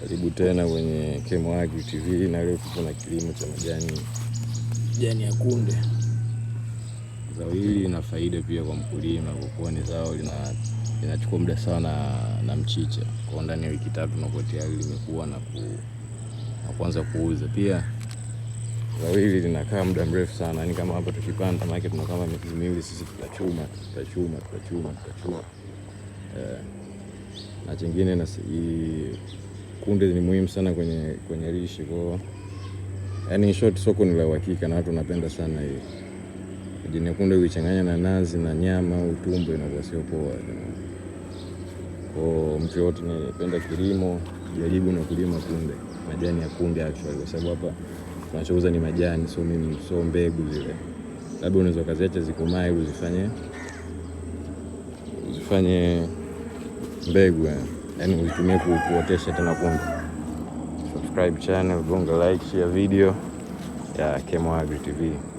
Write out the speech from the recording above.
Karibu tena kwenye Kemo Agri TV, na leo tuko na kilimo cha majani majani ya kunde. Zao hili lina faida pia kwa mkulima, kwa kuwa ni zao linachukua muda sana na mchicha, kwa ndani ya wiki tatu nakuwa tayari limekuwa na, ku, na kuanza kuuza. Pia zao hili linakaa muda mrefu sana, yani kama hapa tukipanda, maana tuna kama miezi miwili sisi tutachuma tutachuma tutachuma tutachuma, eh, na chingine na kunde ni muhimu sana kwenye kwenye lishe kwao, yani in short, soko ni la uhakika na watu wanapenda sana hii jini kunde. Ukichanganya na nazi na nyama au tumbo inakuwa sio poa. Kwa mtu yote anayependa kilimo, jaribu na kulima kunde, majani ya kunde actually, kwa sababu hapa tunachouza ni majani, so mimi, so mbegu zile. Labda unaweza kaziacha zikomae uzifanye uzifanye mbegu ya. Eh yani uzitumie kuotesha tena kunde. Subscribe channel, gonga like, share video ya Kemo Agri TV.